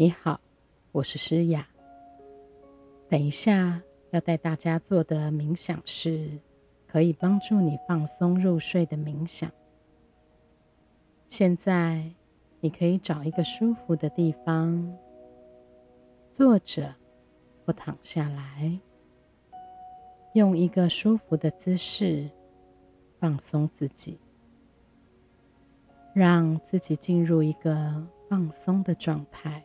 你好，我是詩雅。等一下要帶大家做的冥想是可以幫助你放鬆入睡的冥想。現在你可以找一個舒服的地方坐着或躺下來，用一個舒服的姿勢放鬆自己，讓自己進入一個放鬆的狀態。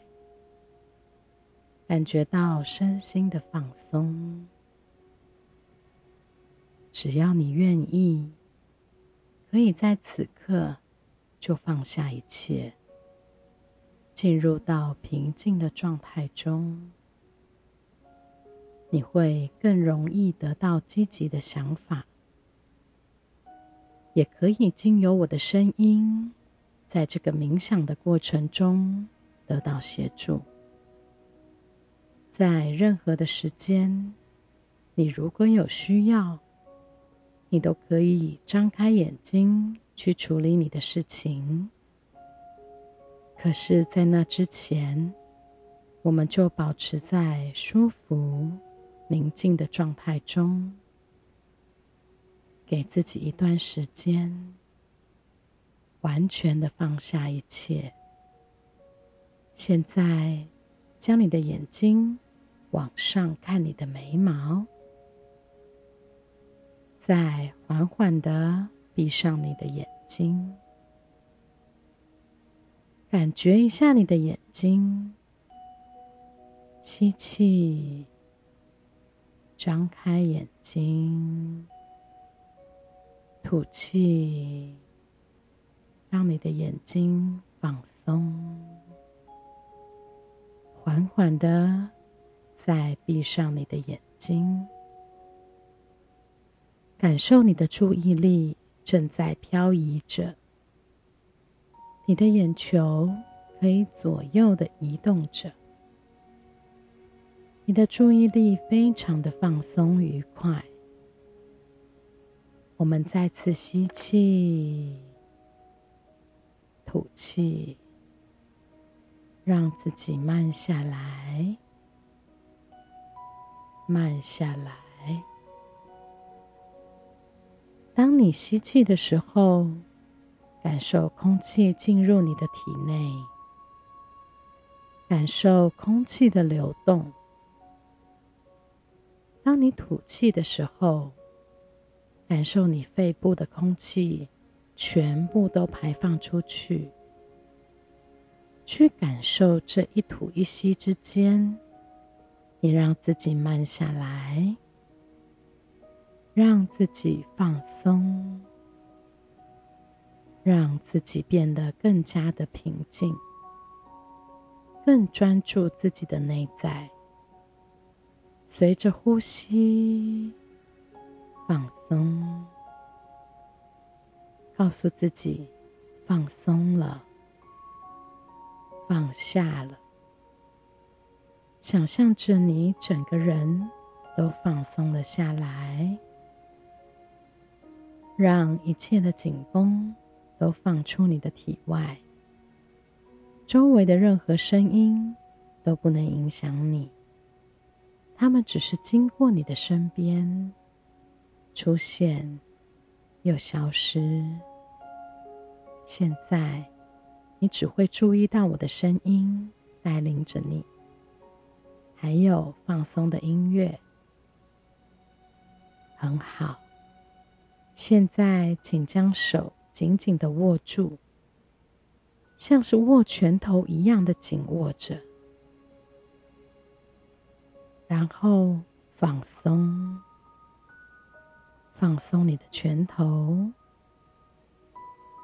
感覺到身心的放鬆。只要你願意，可以在此刻就放下一切，進入到平靜的狀態中。你會更容易得到積極的想法，也可以經由我的聲音，在這個冥想的過程中得到協助。在任何的時間，你如果有需要，你都可以張開眼睛去處理你的事情。可是，在那之前，我們就保持在舒服、寧靜的狀態中，給自己一段時間，完全的放下一切。現在，將你的眼睛，往上看你的眉毛，再緩緩的閉上你的眼睛，感覺一下你的眼睛。吸氣，張開眼睛，吐氣，讓你的眼睛放鬆，緩緩的。再閉上你的眼睛，感受你的注意力正在漂移着，你的眼球可以左右的移動着，你的注意力非常的放鬆愉快。我們再次吸氣，吐氣，讓自己慢下來。慢下來。當你吸氣的時候，感受空氣進入你的體內，感受空氣的流動。當你吐氣的時候，感受你肺部的空氣全部都排放出去。去感受這一吐一吸之間。你讓自己慢下來，讓自己放鬆，讓自己變得更加的平靜，更專注自己的內在。隨着呼吸放鬆，告訴自己放鬆了，放下了。想象着你整個人都放鬆了下來，讓一切的緊繃都放出你的體外。周圍的任何聲音都不能影響你，他們只是經過你的身邊，出現又消失。現在，你只會注意到我的聲音帶領着你。還有放鬆的音樂，很好。現在，請將手緊緊地握住，像是握拳頭一樣地緊握着，然後放鬆，放鬆你的拳頭，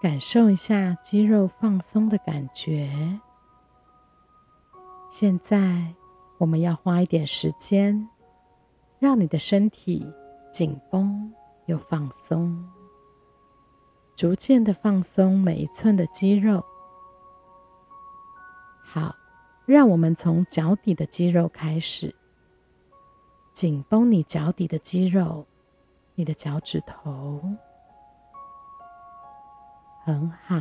感受一下肌肉放鬆的感覺。現在。我們要花一點時間，讓你的身體緊繃又放鬆，逐漸的放鬆每一寸的肌肉。好，讓我們從腳底的肌肉開始，緊繃你腳底的肌肉，你的腳趾頭，很好，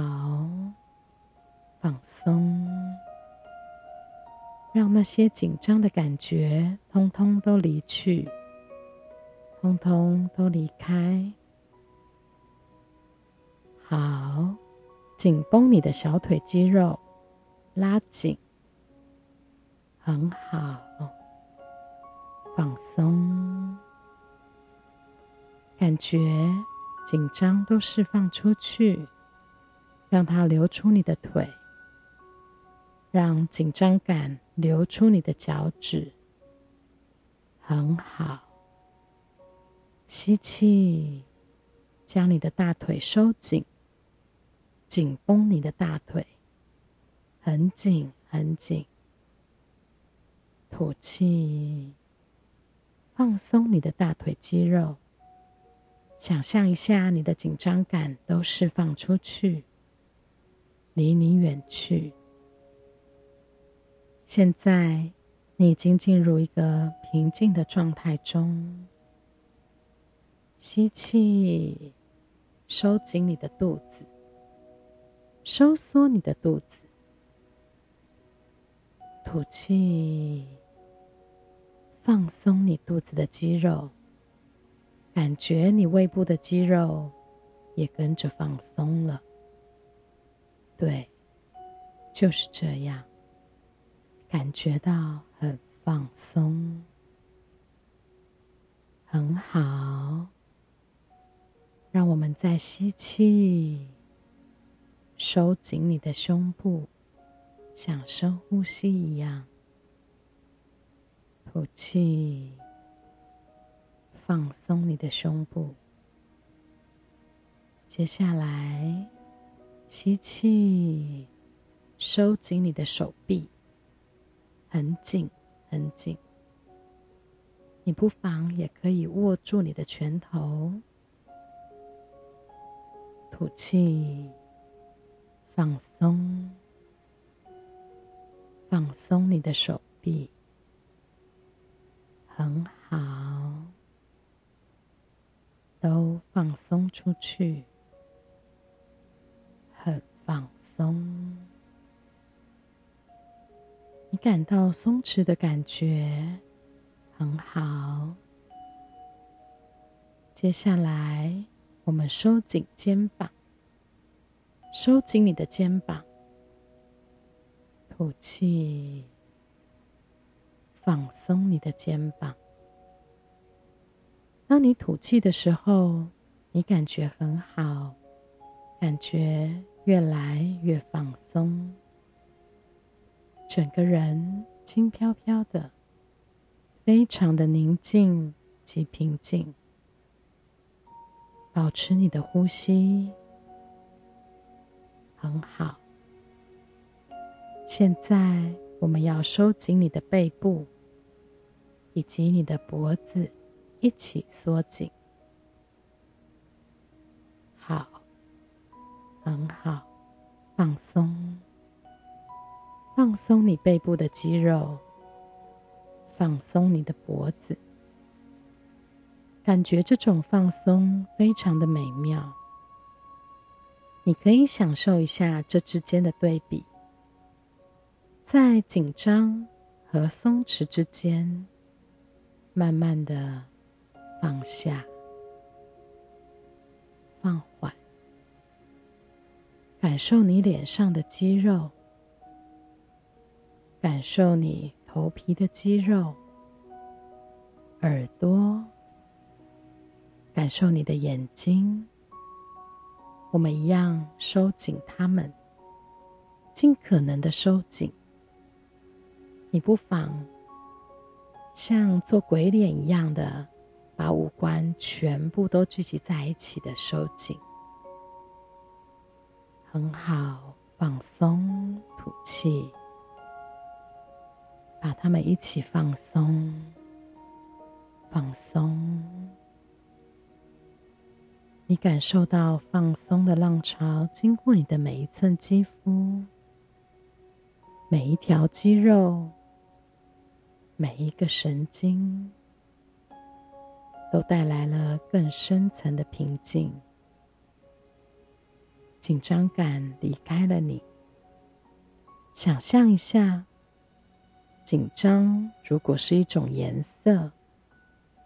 放鬆。讓那些緊張的感覺通通都離去，通通都離開。好，緊繃你的小腿肌肉，拉緊，很好，放鬆。感覺緊張都釋放出去，讓它流出你的腿，讓緊張感。留出你的腳趾，很好。吸氣，將你的大腿收緊，緊繃你的大腿，很緊很緊。吐氣，放鬆你的大腿肌肉，想象一下你的緊張感都釋放出去，離你遠去。現在你已經進入一個平靜的狀態中。吸氣，收緊你的肚子，收縮你的肚子。吐氣，放鬆你肚子的肌肉，感覺你胃部的肌肉也跟着放鬆了。對，就是這樣。感覺到很放鬆，很好。讓我們再吸氣，收緊你的胸部，像深呼吸一樣。吐氣，放鬆你的胸部。接下來，吸氣，收緊你的手臂。很緊，很緊。你不妨也可以握住你的拳頭，吐氣，放鬆，放鬆你的手臂，很好，都放鬆出去，很放鬆。你感到鬆弛的感覺很好。接下來，我們收緊肩膀，收緊你的肩膀，吐氣，放鬆你的肩膀。當你吐氣的時候，你感覺很好，感覺越來越放鬆。整個人輕飄飄的，非常的寧靜及平靜。保持你的呼吸，很好。現在我們要收緊你的背部以及你的脖子，一起縮緊。好，很好，放鬆。放鬆你背部的肌肉，放鬆你的脖子，感覺這種放鬆非常的美妙。你可以享受一下這之間的對比，在緊張和鬆弛之間，慢慢的放下，放緩，感受你臉上的肌肉。感受你頭皮的肌肉，耳朵，感受你的眼睛，我們一樣收緊它們，盡可能的收緊。你不妨像做鬼臉一樣的，把五官全部都聚集在一起的收緊。很好，放鬆，吐氣。把它們一起放鬆，放鬆。你感受到放鬆的浪潮經過你的每一寸肌膚、每一條肌肉、每一個神經，都帶來了更深層的平靜。緊張感離開了你。想象一下。緊張，如果是一種顏色，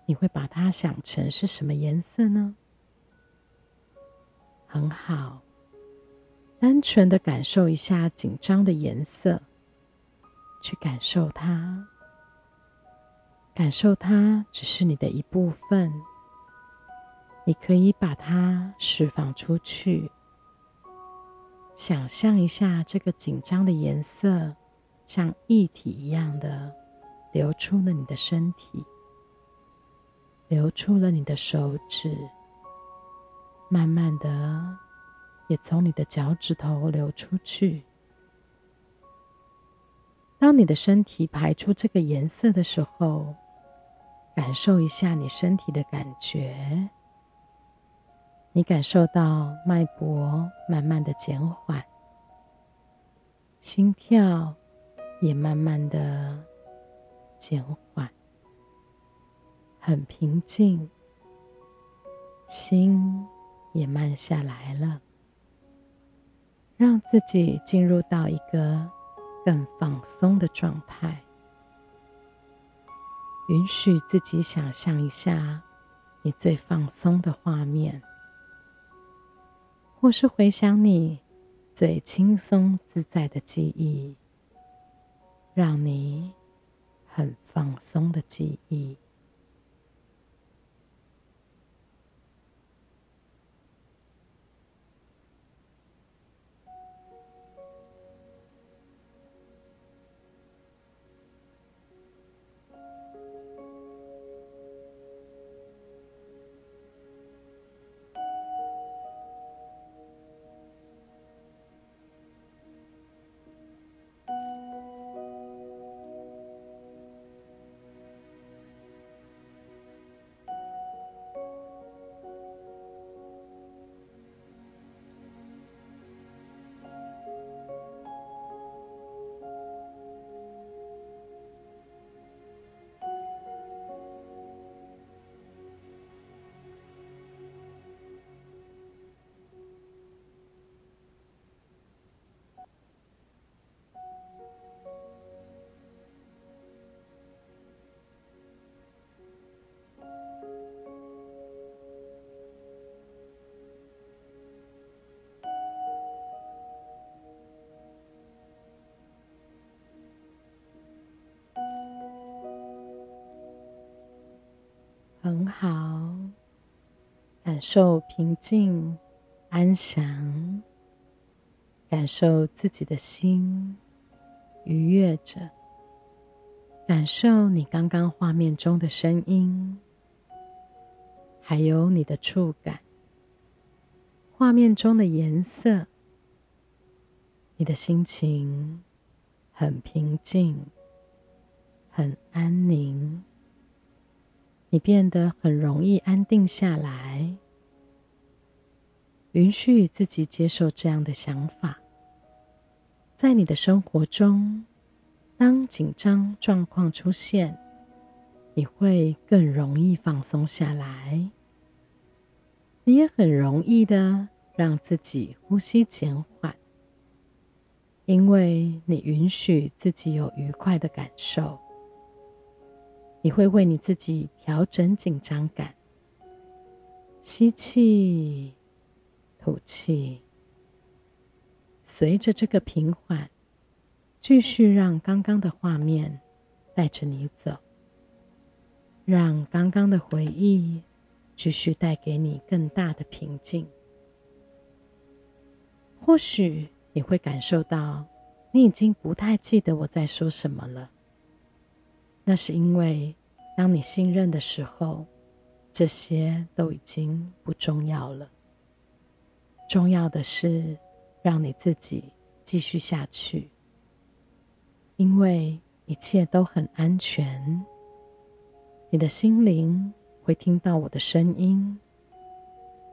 你會把它想成是什麼顏色呢？很好，單純的感受一下緊張的顏色，去感受它，感受它只是你的一部分，你可以把它釋放出去，想象一下這個緊張的顏色。像液體一樣的流出了你的身體，流出了你的手指，慢慢的也從你的腳趾頭流出去。當你的身體排出這個顏色的時候，感受一下你身體的感覺，你感受到脈搏慢慢的減緩，心跳。也慢慢的減緩，很平靜，心也慢下來了，讓自己進入到一個更放鬆的狀態，允許自己想象一下你最放鬆的畫面，或是回想你最輕鬆自在的記憶。讓你很放鬆的記憶。很好，感受平靜、安詳，感受自己的心愉悅着，感受你剛剛畫面中的聲音，還有你的觸感，畫面中的顏色，你的心情很平靜，很安寧。你變得很容易安定下來，允許自己接受這樣的想法。在你的生活中，當緊張狀況出現，你會更容易放鬆下來。你也很容易的讓自己呼吸減緩，因為你允許自己有愉快的感受。你會為你自己調整緊張感，吸氣，吐氣，隨着這個平緩，繼續讓剛剛的畫面帶着你走，讓剛剛的回憶繼續帶給你更大的平靜。或許你會感受到，你已經不太記得我在說什麼了。那是因為，當你信任的時候，這些都已經不重要了。重要的是，讓你自己繼續下去，因為一切都很安全。你的心靈會聽到我的聲音，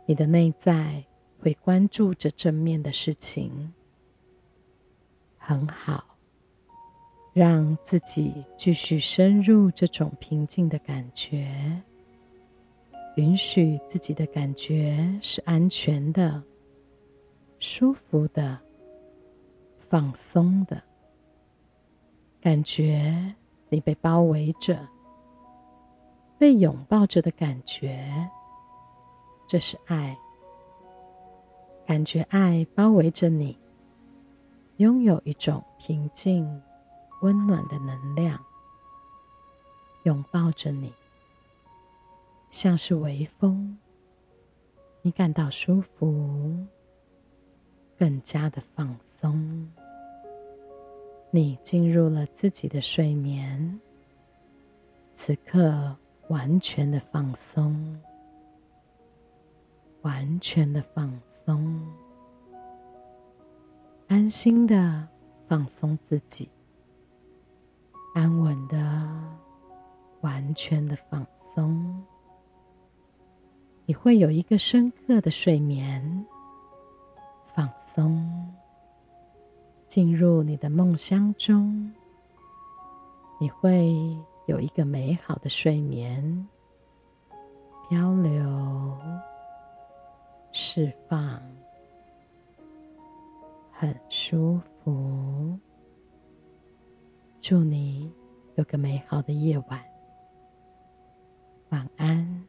你的內在會關注着正面的事情，很好。讓自己繼續深入這種平靜的感覺，允許自己的感覺是安全的、舒服的、放鬆的。感覺你被包圍着、被擁抱着的感覺，這是愛。感覺愛包圍着你，擁有一種平靜。溫暖的能量擁抱着你，像是微風，你感到舒服，更加的放鬆。你進入了自己的睡眠，此刻完全的放鬆，完全的放鬆，安心的放鬆自己。安穩的、完全的放鬆，你會有一個深刻的睡眠。放鬆，進入你的夢鄉中，你會有一個美好的睡眠。漂流，釋放，很舒服。祝你有個美好的夜晚，晚安。